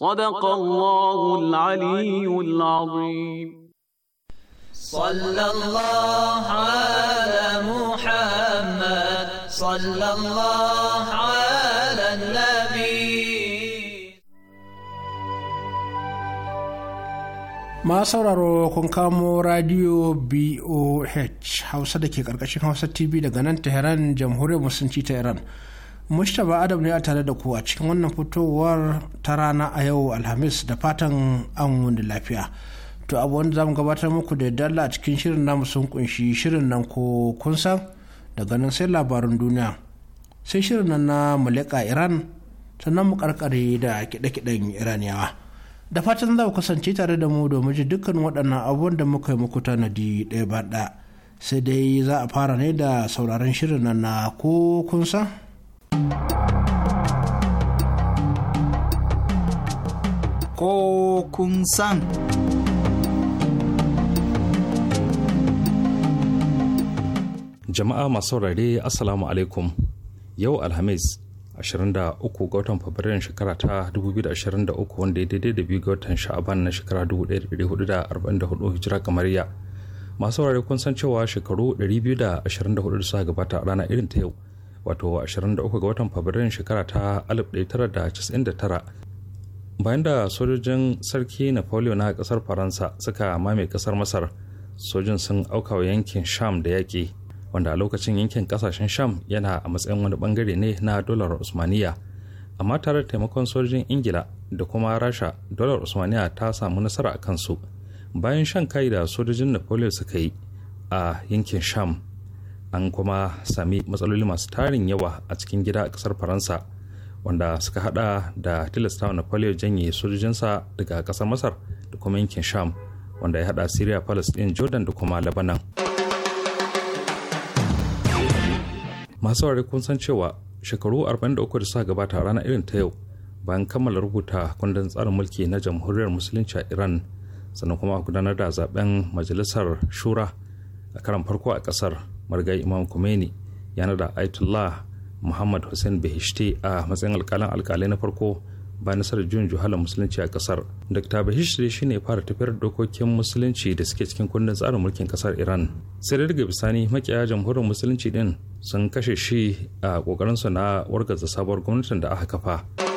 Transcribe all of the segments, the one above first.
صدق الله العلي العظيم صلى الله على محمد صلى الله على النبي ma sauraro kun kamo radio boh hausa da ke karkashin hausa tv daga nan tehran jamhuriyar musulunci ta iran Mustapha Adam ne a tare da ku a cikin wannan fitowar ta rana a yau Alhamis da fatan an wani lafiya. To abu wanda mu gabatar muku da dalla a cikin shirin namu sun kunshi shirin nan ko kun san daga nan sai labarin duniya. Sai shirin nan na muleka Iran sannan mu karkare da kiɗe-kiɗen Iraniyawa. Da fatan za ku kasance tare da mu domin ji dukkan waɗannan abubuwan da muka yi muku tanadi ɗaya ba ɗaya. sai dai za a fara ne da sauraron shirin nan na ko kun san? ko kun san. Jama'a masu saurare Assalamu alaikum yau Alhamis 23 ga watan Fabrairun shekara ta 2023 wanda ya daidai da biyu ga watan sha'aban na shekara 1444 hijira kamariya. Masu saurare kun san cewa shekaru 224 da suka gabata a rana irin ta yau wato 23 ga watan Fabrairun shekara ta 1999 bayan da sojojin sarki napoleon a kasar faransa suka mame kasar masar sojin sun auka wa yankin sham da yaƙi wanda a lokacin yankin kasashen sham yana a matsayin wani bangare ne na dolar usmaniya amma tare da taimakon sojojin ingila da kuma rasha dolar usmaniya ta samu nasara a kansu bayan shan kai da sojojin napoleon suka yi a yankin sham an kuma sami matsaloli masu tarin yawa a cikin gida a kasar faransa wanda suka hada da tilasta napoleon janye sojojinsa daga kasar masar da kuma yankin sham wanda ya hada syria palestine jordan da kuma lebanon masu ware kun san cewa shekaru 43 da suka gabata rana irin ta yau bayan kammala rubuta kundin tsarin mulki na jamhuriyar musulunci a iran sannan kuma a gudanar da zaben majalisar shura a karan farko a kasar marigayi imam kumeni yana da aitullah muhammad hussein bahishti a matsayin alkalin alkalai na farko ba nasarar juyin juhala musulunci a kasar dr bahishti shine fara tafiyar dokokin musulunci da suke cikin kundin tsarin mulkin kasar iran sai da daga bisani makiya jamhuriyar musulunci din sun kashe shi a su na wargaza sabuwar gwamnatin da aka kafa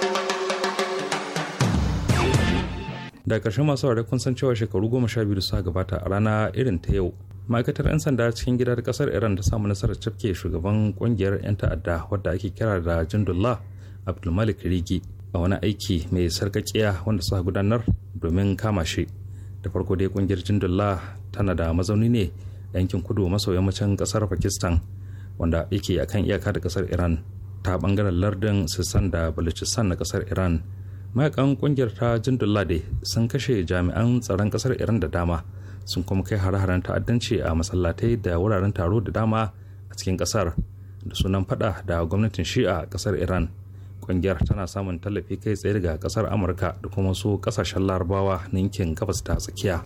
da karshe masu ware kun san cewa shekaru goma sha biyu suka gabata a rana irin ta yau ma'aikatar 'yan sanda cikin gida da kasar iran ta samu nasarar cafke shugaban kungiyar 'yan ta'adda wadda ake kira da jindullah abdulmalik rigi a wani aiki mai sarkakiya wanda suka gudanar domin kama shi da farko dai kungiyar jindullah tana da mazauni ne a yankin kudu maso yammacin kasar pakistan wanda yake akan iyaka da kasar iran ta bangaren lardin sassan da balochistan na kasar iran mayakan kungiyar ta jindulade sun kashe jami'an tsaron kasar iran da dama sun kuma kai hare-haren ta'addanci a masallatai da wuraren taro da dama a cikin kasar da sunan fada da gwamnatin shi'a a kasar iran kungiyar tana samun tallafi kai tsaye daga kasar amurka da kuma wasu kasashen larabawa na yankin gabas ta tsakiya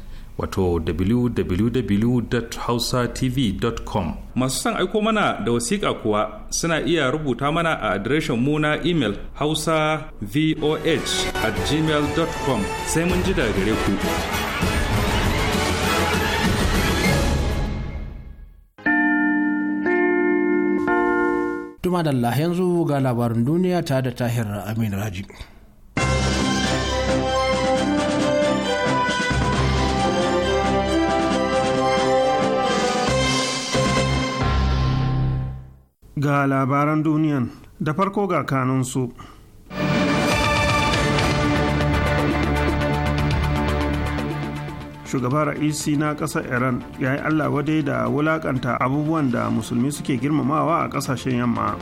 wato www.hausatv.com masu son aiko mana da wasiƙa kuwa suna iya rubuta mana a adireshin mu na imel hausa voh at gmail.com sai mun ji daga gare ku Tuma da yanzu ga labarin duniya ta da tahir amin raji. ga labaran duniyan da farko ga kanunsu. shugaba ra'isi na ƙasar iran ya yi allah wadai da wulaƙanta abubuwan da musulmi suke girmamawa a ƙasashen yamma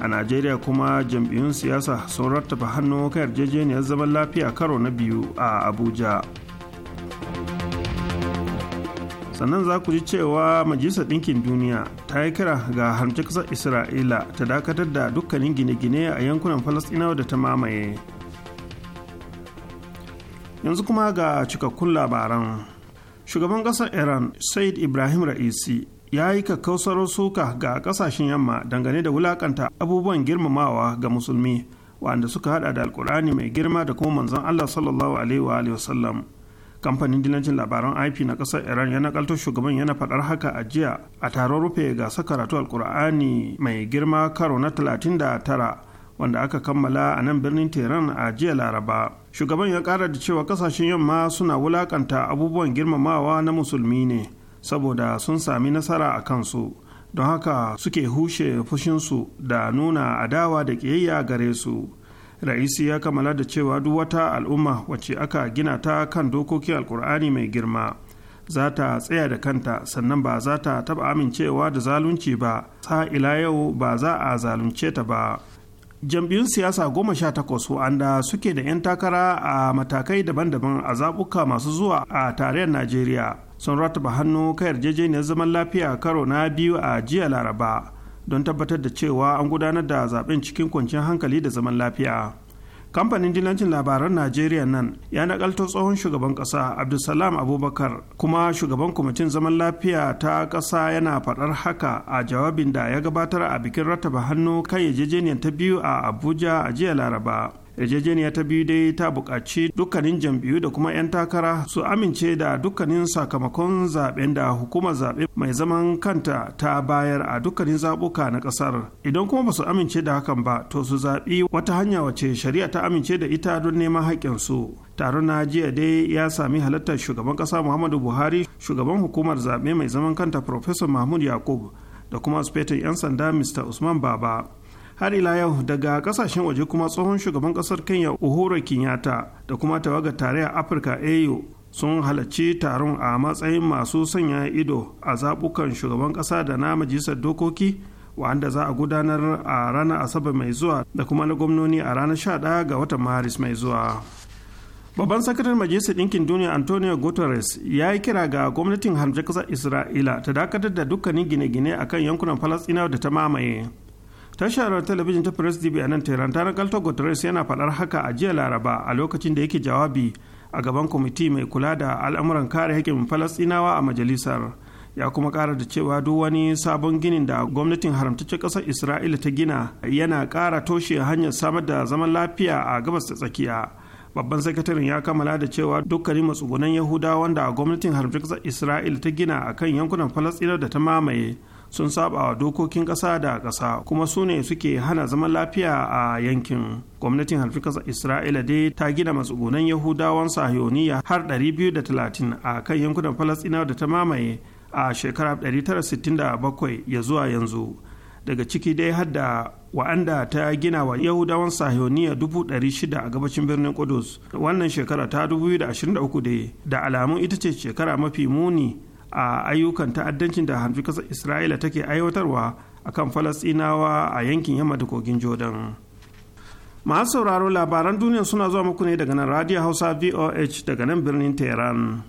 a najeriya kuma jam'iyyun siyasa sun rattaba hannu kan yarjejeniyar zaman lafiya karo na biyu a abuja sannan za ku ji cewa majalisar ɗinkin duniya ta yi kira ga harmce ƙasar isra'ila ta dakatar da dukkanin gine-gine a yankunan falastinawa da ta mamaye yanzu kuma ga cikakkun labaran shugaban ƙasar iran said ibrahim ra'isi ya yi kakkausar suka ga ƙasashen yamma dangane da wulakanta abubuwan girmamawa ga musulmi wanda suka haɗa da alkur'ani mai girma da kuma manzon allah sallallahu alaihi wa sallam kamfanin dilancin labaran ip na kasar iran ya nakalto shugaban yana faɗar haka a jiya a taron rufe gasar karatu alkur'ani mai girma karo na 39 wanda aka kammala a nan birnin tehran a jiya laraba shugaban ya ƙara da cewa kasashen yamma suna wulakanta abubuwan girmamawa na musulmi ne saboda sun sami nasara a kansu don haka suke hushe fushinsu da nuna adawa da ƙiyayya gare su Ra'isi ya kammala da cewa duk wata al'umma wacce aka gina ta kan dokokin Alkur'ani mai girma za ta tsaya da kanta sannan ba za ta taɓa amincewa da zalunci ba ila yau ba za a zalunce ta ba. jam'iyyun siyasa goma sha takwas wanda suke da 'yan takara a matakai daban-daban a zaɓuka masu zuwa a tarayyar najeriya sun rataba hannu kan yarjejeniyar zaman lafiya karo na biyu a jiya laraba don tabbatar da cewa an gudanar da zaben cikin kwanciyar hankali da zaman lafiya kamfanin dilancin labaran najeriya nan ya nakalto tsohon shugaban kasa abdulsalam abubakar kuma shugaban kwamitin zaman lafiya ta kasa yana faɗar haka a jawabin da ya gabatar a bikin rattaba hannu kan yarjejeniyar ta biyu a abuja a jiya laraba yarjejeniya ta biyu dai ta buƙaci dukkanin jam'iyyu da kuma 'yan takara su amince da dukkanin sakamakon zaben da hukumar zaɓe mai zaman kanta ta bayar a dukkanin zaɓuka na ƙasar idan kuma ba su amince da hakan ba to su zaɓi wata hanya wace shari'a ta amince da ita don neman su taron na jiya dai ya sami halartar shugaban ƙasa muhammadu buhari shugaban hukumar zaɓe mai zaman kanta professor mahmud yakub da kuma spetin 'yan sanda mr usman baba har ila yau daga kasashen waje kuma tsohon shugaban kasar kenya uhuru kenyatta da kuma tawagar tarayyar afirka au sun halarci taron a matsayin masu sanya ido a zabukan shugaban kasa da na majalisar dokoki wanda za a gudanar a ranar asabar mai zuwa da kuma na gwamnoni a ranar 11 ga watan maris mai zuwa babban sakataren majalisar ɗinkin duniya antonio guterres ya yi kira ga gwamnatin hamjar ƙasar isra'ila ta dakatar da dukkanin gine-gine akan yankunan falasɗinawa da ta mamaye tashar talabijin ta press tv a nan tehran ta nakaltar guterres yana faɗar haka a jiya laraba a lokacin da yake jawabi a gaban kwamiti mai kula da al'amuran kare haƙƙin falastinawa a majalisar ya kuma ƙara da cewa duk wani sabon ginin da gwamnatin haramtaccen ƙasar isra'ila ta gina yana ƙara toshe hanyar samar da zaman lafiya a gabas ta tsakiya babban sakataren ya kammala da cewa dukkanin matsugunan yahudawa wanda gwamnatin haramtaccen ƙasar isra'ila ta gina a kan yankunan falastinawa da ta mamaye sun saba wa dokokin ƙasa da ƙasa kuma su ne suke hana zaman lafiya a yankin gwamnatin harfikar isra'ila dai ta gina matsugunan yahudawan sahiyoniya har 230 a kan yankunan falastinawa da ta mamaye a shekarar 1967 ya zuwa yanzu daga ciki dai har wa'anda ta gina wa yahudawan sahiyoniya 600 a gabacin birnin kudus wannan shekara ta 2023 da alamun ita ce shekara mafi muni a ayyukan ta'addancin da hanfi kasar isra'ila take aiwatarwa a kan falasɗinawa a yankin yamma da kogin jordan masu sauraro labaran duniya suna zuwa muku ne daga nan radio hausa voh daga nan birnin tehran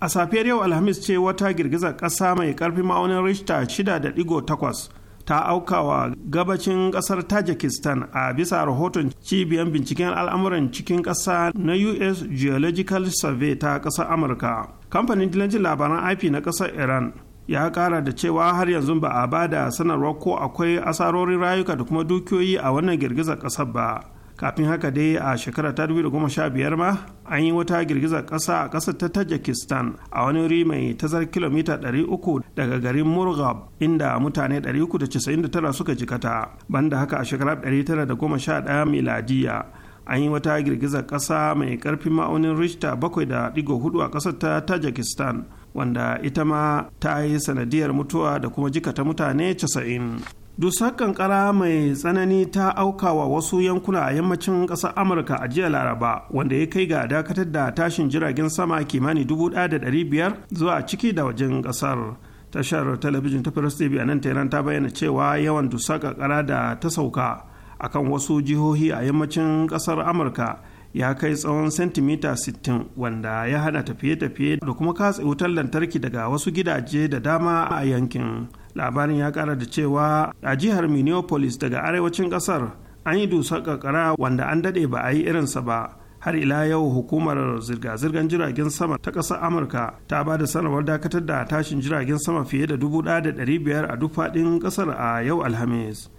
a safiyar yau alhamis ce wata girgizar ƙasa mai ƙarfi ma'aunin richter 6.8 ta auka wa gabacin kasar tajikistan a bisa rahoton cibiyar binciken al'amuran cikin ƙasa na us geological survey ta ƙasar amurka kamfanin dilancin labaran ip na ƙasar iran ya kara da cewa har yanzu ba a ba da sanarwa ko akwai asarorin rayuka da kuma dukiyoyi a wannan girgizar ƙasar ba kafin haka dai a shekara ta 2015 ma an yi wata girgizar ƙasa a ƙasar ta tajikistan a wani wuri mai tazar kilomita 300 daga garin murghab inda mutane 399 suka jikata banda haka a shekara 1911 miladiya an yi wata girgizar ƙasa mai karfin ma'aunin richter 7.4 a ƙasar ta tajikistan wanda ita ma ta yi sanadiyar mutuwa da kuma jikata mutane 90 dusar kankara mai tsanani ta auka wa wasu yankuna a yammacin ƙasar amurka a jiya laraba wanda ya kai ga dakatar da tashin jiragen sama kimani 1,500 zuwa ciki da wajen kasar tashar talabijin ta first tv a nan tehran ta bayyana cewa yawan dusar kankara da ta sauka a kan wasu jihohi a yammacin ƙasar amurka ya kai tsawon sentimita 60 wanda ya hana tafiye-tafiye da kuma katse wutar lantarki daga wasu gidaje da dama a yankin. labarin ya kara da cewa a jihar minneapolis daga arewacin kasar an yi dusar kakara wanda an dade ba a yi irinsa ba har ila yau hukumar zirga-zirgar jiragen sama ta ƙasar amurka ta ba da sanarwar dakatar da tashin jiragen sama fiye da dubu da biyar a duk faɗin ƙasar a yau alhamis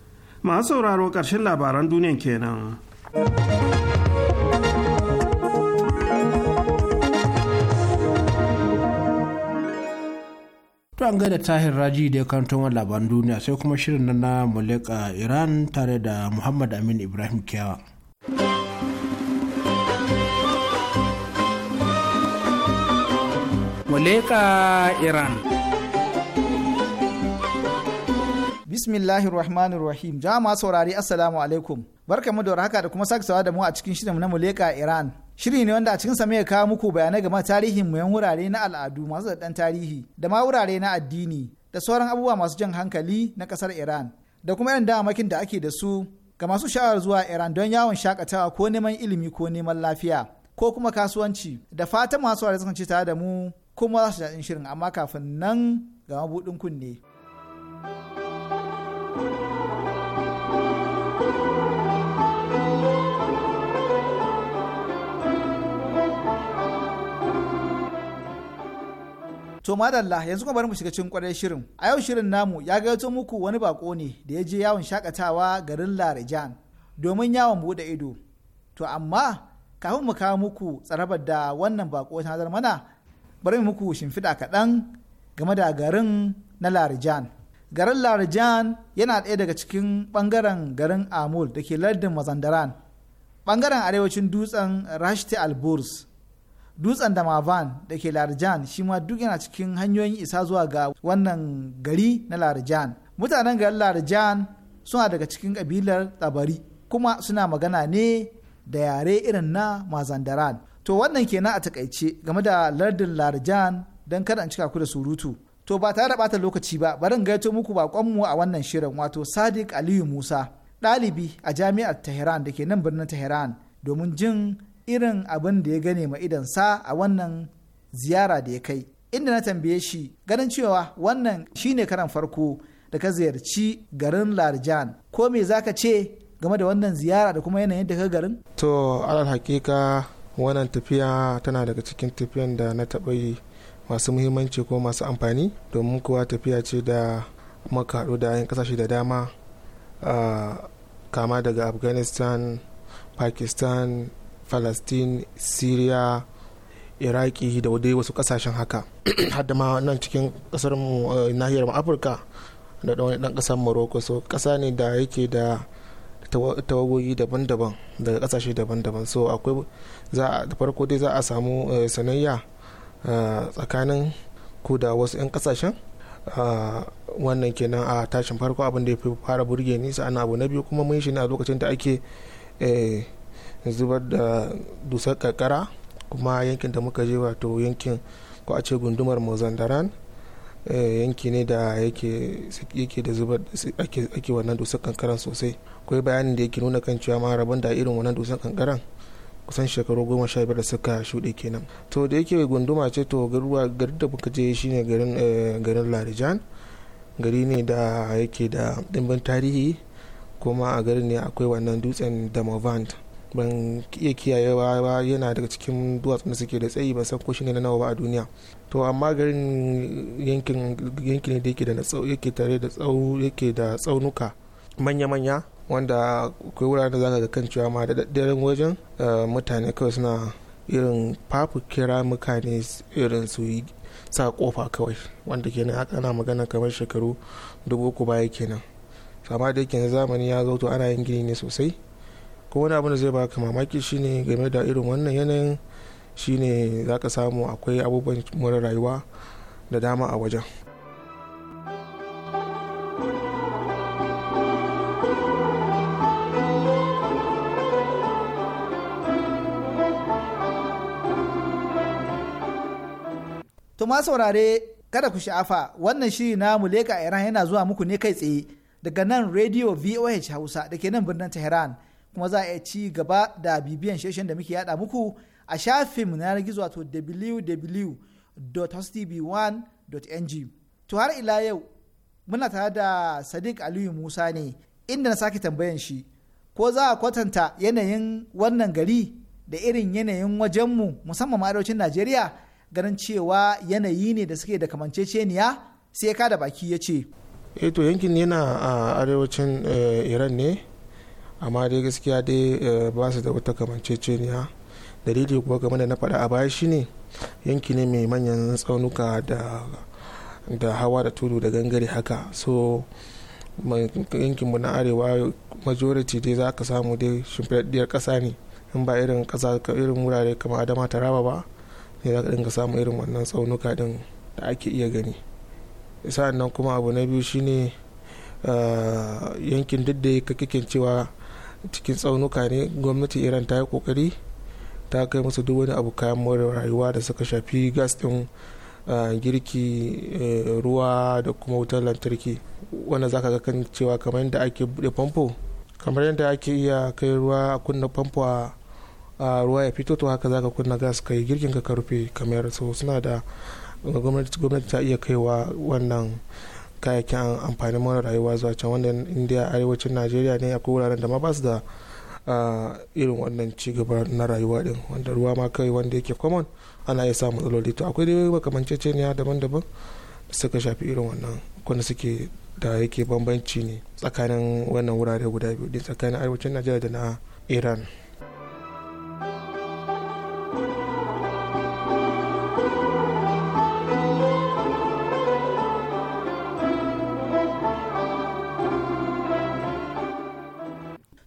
masu sauraro ƙarshen labaran duniya kenan. an gaida tahir raji da ya kanto labaran duniya sai kuma shirin na na muleka iran tare da muhammad amin ibrahim kiyawa muleka iran Bismillahir Rahmanir Rahim. Jama'a saurari Assalamu alaikum. Barkamu da warhaka da kuma sake sawa da mu a cikin shirin na Muleka Iran. Shiri ne wanda a cikin sa ya kawo muku bayanai game tarihin muyan wurare na al'adu masu daɗan tarihi da ma wurare na addini da sauran abubuwa masu jan hankali na kasar Iran da kuma irin damakin da ake da su ga masu sha'awar zuwa Iran don yawon shakatawa ko neman ilimi ko neman lafiya ko kuma kasuwanci da fatan masu wurare sun ci tare da mu kuma za su shirin amma kafin nan ga mabuɗin kunne. To madalla yanzu kuma bari mu shiga cikin kwarai shirin. A yau shirin namu ya gayyato muku wani bako ne da ya je yawon shakatawa garin Larijan domin yawon bude ido. To amma kafin mu kawo muku tsarabar da wannan bako ta mana bari muku shimfiɗa kaɗan game da garin na Larijan. garin Larijan yana ɗaya daga cikin ɓangaren garin amul da ke lardin mazandaran ɓangaren arewacin dutsen rashti alburs dutsen damavan da ke Larijan, shi ma duk yana cikin hanyoyin isa zuwa ga wannan gari na Larijan. mutanen garin Larijan suna daga cikin ƙabilar tsabari kuma suna magana ne da yare irin na mazandaran to wannan kenan a takaice game da lardin Larijan don kada in cika ku da surutu to ba tare da bata lokaci ba barin gaito muku bakonmu a wannan shirin wato sadiq aliyu musa ɗalibi a jami'ar tehran da ke nan birnin tehran domin jin irin abin da ya gane ma sa a wannan ziyara da ya kai inda na tambaye shi ganin cewa wannan shine karan farko da ka ziyarci garin larjan ko me zaka ce game da wannan ziyara da kuma yanayin da ka garin to alal hakika wannan tafiya tana daga cikin tafiyan da na taɓa yi masu muhimmanci ko masu amfani domin kuwa tafiya ce da muka haɗu da 'yan kasashe da dama kama daga afghanistan pakistan palestine syria iraki da wadai wasu kasashen haka hadda ma nan cikin kasar nahiyar mu afirka da wani dan kasar morocco so kasa ne da yake da tawagogi daban-daban daga kasashe daban-daban so akwai za da farko dai za a samu eh, sanayya tsakanin ku da wasu 'yan kasashen wannan kenan a tashin farko abin da ya fi fara burge ni sa'an abu na biyu kuma mun shi ne a lokacin da ake e, zubar da dusar karkara kuma yankin da muka je wato yankin ko a ce gundumar mozandaran e, yanki ne da yake da zubar ake wannan dusar kankaran sosai akwai bayanin da yake nuna kan cewa ma rabon da irin wannan dusar kankaran kusan shekaru goma sha biyar da suka shuɗe kenan to da yake gunduma ce to garuwa garin da muka je shine garin eh, garin larijan gari ne da yake da ɗimbin tarihi kuma a garin ne akwai wannan dutsen damavand ban iya kiyayewa ba yana daga cikin duwatsun da suke da tsayi ba san ko shine na nawa ba a duniya to amma garin yankin yankin da yake da tare da tsaunuka manya-manya wanda akwai wuraren da zaka ga kan cewa ma daren wajen eh, mutane kawai suna irin fafu kira mutane irin su yi sa kofa kawai wanda kenan haka ana magana kamar shekaru dubu uku baya kenan amma da yake zamani ya zo to ana yin gini ne sosai ko wani abin da zai baka mamaki shine game da irin wannan yanayin shine zaka samu akwai abubuwan mura rayuwa da dama a wajen ma saurare kada ku sha'afa wannan shiri na muleka Iran yana zuwa muku ne kai tsaye daga nan Radio VOH Hausa da ke nan birnin Tehran kuma za a iya ci gaba da bibiyan sheshen da muke yada muku a shafin na yanar gizo wato www.hostv1.ng to har ila yau muna tare da Sadiq Aliyu Musa ne inda na sake tambayan shi ko za a kwatanta yanayin wannan gari da irin yanayin wajenmu musamman arewacin Najeriya ganin cewa yanayi ne da suke da kamanceceniya sai ka da baki ya ce eh to yankin yana a arewacin eh, iran ne amma dai gaskiya dai eh, ba su da wata kamanceceniya dalili kuwa game da na faɗa a baya shine yanki ne mai manyan tsaunuka da hawa da tudu da gangare haka so yankinmu na arewa majority dai za ka samu dai shimfiɗaɗɗiyar ƙasa ne in ba irin ƙasa irin wurare kamar adama taraba ba ne za ka dinga samun irin wannan tsaunuka din da ake iya gani sa'an nan kuma abu na biyu shine eh, yankin duk da kakikin cewa cikin tsaunuka ne gwamnati iran ta yi kokari ta kai musu duk wani abu kayan more rayuwa da suka shafi gas din eh, girki eh, ruwa da kuma wutar lantarki wanda ka ga kan cewa kamar yadda ake bude famfo kamar yadda ake iya kai ruwa a kunna famfo a ruwa ya fito to haka zaka kunna gas kai girkin ka rufe kamar so suna da gwamnati ta iya kaiwa wannan kayayyakin amfanin mara rayuwa zuwa can wanda indiya arewacin najeriya ne akwai wuraren da ma ba su da irin wannan cigaba na rayuwa din wanda ruwa ma kai wanda yake common ana iya samun matsaloli to akwai dai ne daban-daban da suka shafi irin wannan kuna suke da yake bambanci ne tsakanin wannan wurare guda biyu tsakanin arewacin najeriya da na iran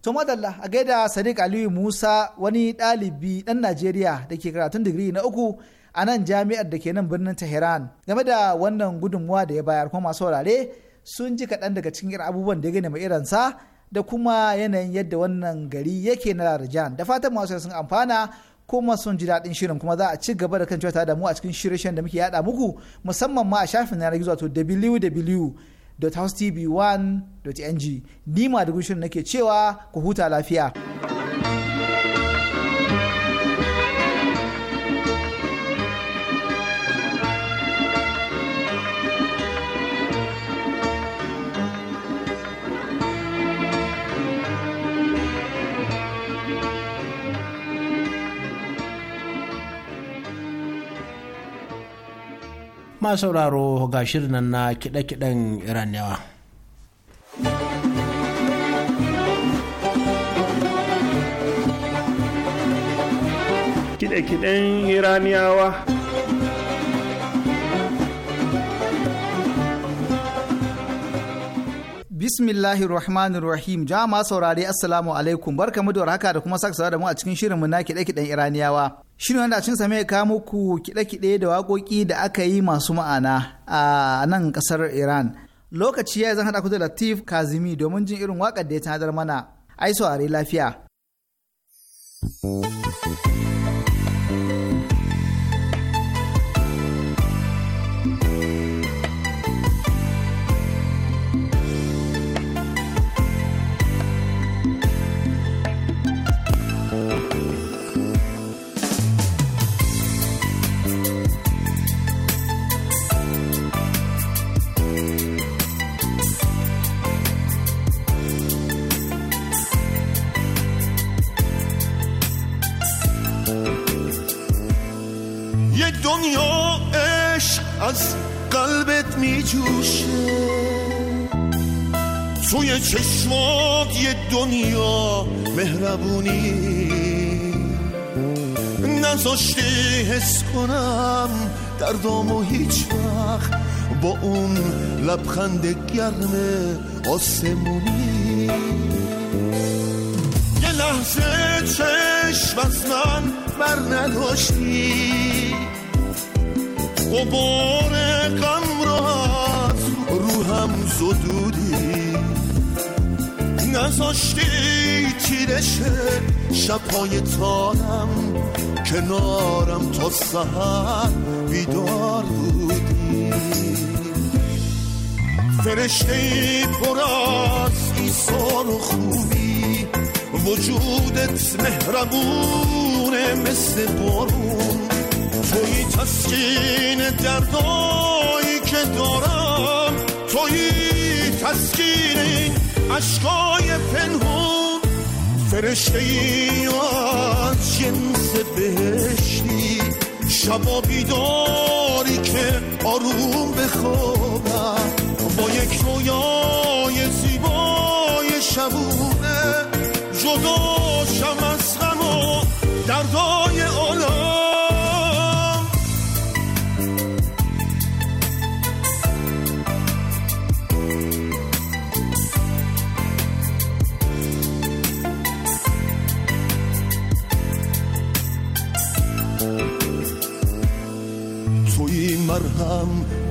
to madalla a gaida sadiq aliyu musa wani ɗalibi dan najeriya da ke karatun digiri na uku a nan jami'ar da ke nan birnin tehran game da wannan gudunmuwa da ya bayar kuma masu saurare sun ji kaɗan daga cikin irin abubuwan da ya gani mai irinsa da kuma yanayin yadda wannan gari yake na larajan da fatan masu sun amfana kuma sun ji daɗin shirin kuma za a ci gaba da kan cewa da mu a cikin shirye-shiryen da muke yada muku musamman ma a shafin yanar gizo wato www www.housetv1.ng ni ma da gushin nake cewa ku huta lafiya. ma sauraro ga shirin na kiɗe-kiɗen iraniyawa kiɗe-kiɗen iraniyawa Bismillahir Rahmanir Rahim. jama saurare Assalamu alaikum. Barkamu da haka da kuma saka da mu a cikin mu na kiɗe-kiɗen Iraniyawa. Shirin wanda a cikin sa mai muku kiɗe-kiɗe da waƙoƙi da aka yi masu ma'ana a nan kasar Iran. Lokaci ya zan haɗa ku da Latif Kazimi domin jin irin wakar da ya tanadar mana. Ai saurari lafiya. می توی چشمات یه دنیا مهربونی نزاشتی حس کنم در و هیچ وقت با اون لبخند گرم آسمونی یه لحظه چشم از من بر نداشتی قبار غم را از روهم زدودی نزاشتی تیرش شبهای تارم کنارم تا سهر بیدار بودی فرشته پر از ایسان و خوبی وجودت مهربونه مثل بارون توی تسکین دردایی که دارم توی تسکین این عشقای پنهون فرشته ای از جنس بهشتی شبا بیداری که آروم بخوابم با یک رویای زیبای شبونه جدا شم از غم و دردای آن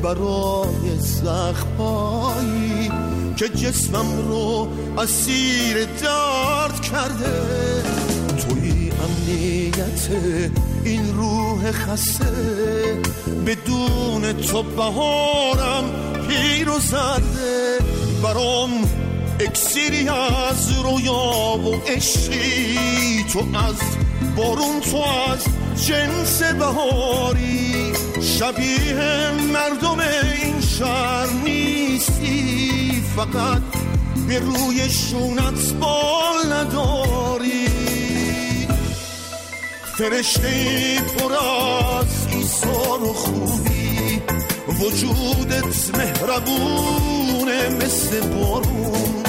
برای زخمایی که جسمم رو اسیر درد کرده توی امنیت این روح خسته بدون تو بهارم پیر و زرده برام اکسیری از رویا و عشقی تو از بارون تو از جنس بهاری شبیه مردم این شهر نیستی فقط به روی شونت بال نداری فرشته پر از و خوبی وجودت مهربونه مثل بارون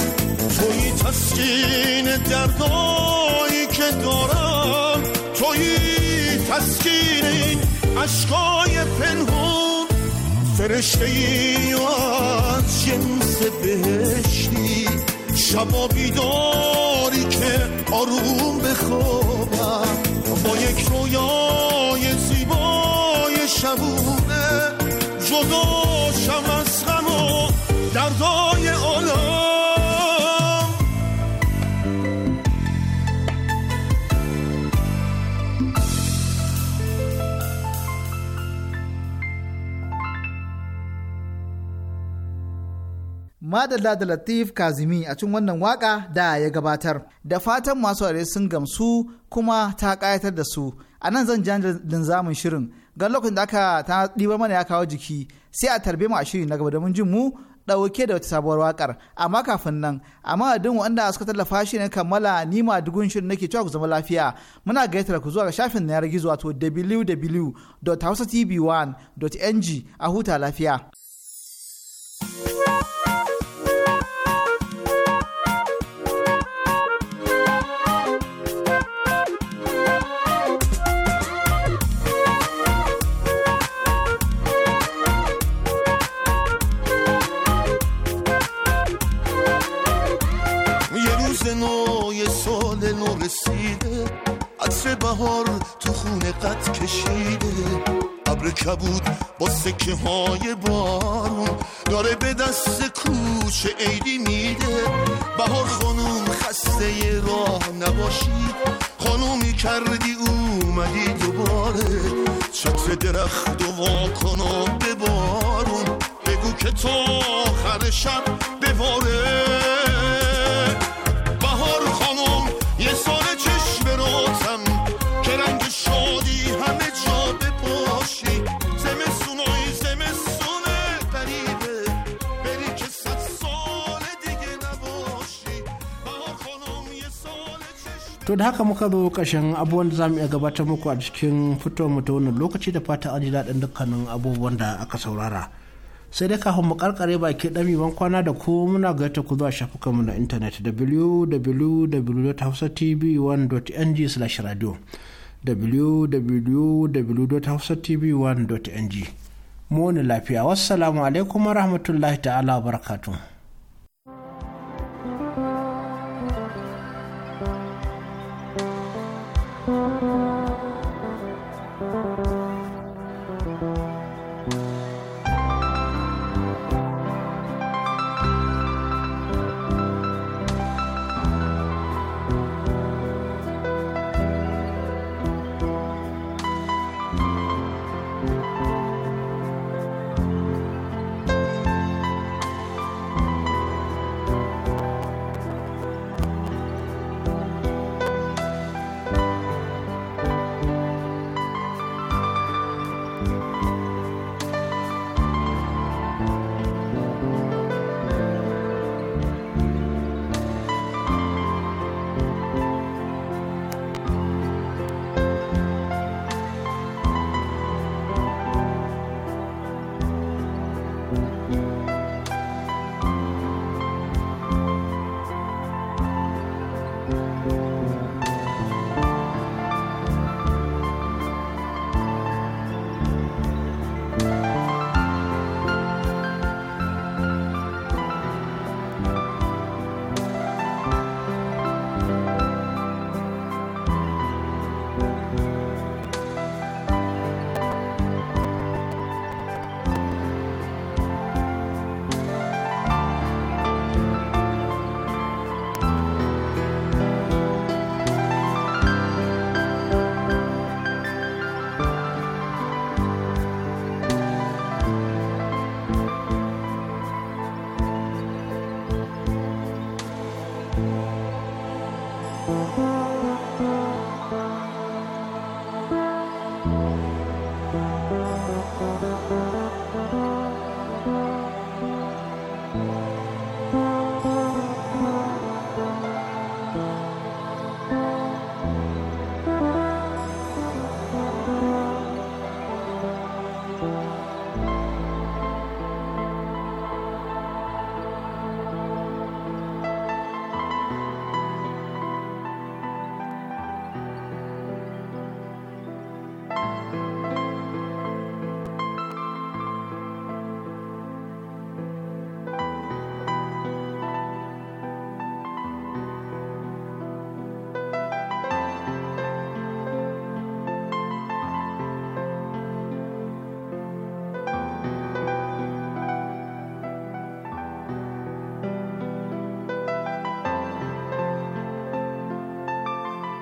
توی تسکین دردایی که دارم توی تسکین عشقای پنهون فرشته ای از جنس بهشتی شبا بیداری که آروم بخوابم با یک رویای زیبای شبونه جدا madalla da latif kazimi a cin wannan waka da ya gabatar da fatan masu ware sun gamsu kuma ta kayatar da su a nan zan jan linzamin shirin ga lokacin da aka ta ɗibar mana ya kawo jiki sai a tarbe mu a shiri na gaba domin jin mu ɗauke da wata sabuwar wakar amma kafin nan amma adin wanda suka tallafa shi ne kammala ni duk dugun shirin nake cewa ku zama lafiya muna gayyatar ku zuwa ga shafin na gizo wato www.hausatv1.ng a huta lafiya. بهار تو خونه قد کشیده ابر کبود با سکه های بارون داره به دست کوچه عیدی میده بهار خانوم خسته راه نباشی خانومی کردی اومدی دوباره چتر درخت و واکن و ببارون بگو که تا آخر شب بباره to da haka muka zo ƙarshen abubuwan da za mu iya gabatar muku a cikin fito mu ta wannan lokaci da fata an ji daɗin dukkanin abubuwan da aka saurara sai dai kafin mu karkare baki ɗami ban kwana da ku muna gaita ku zuwa mu na intanet www.hausatv1.ng slash radio www.hausatv1.ng mu wani lafiya wassalamu alaikum wa rahmatullahi ta'ala wa barakatuhu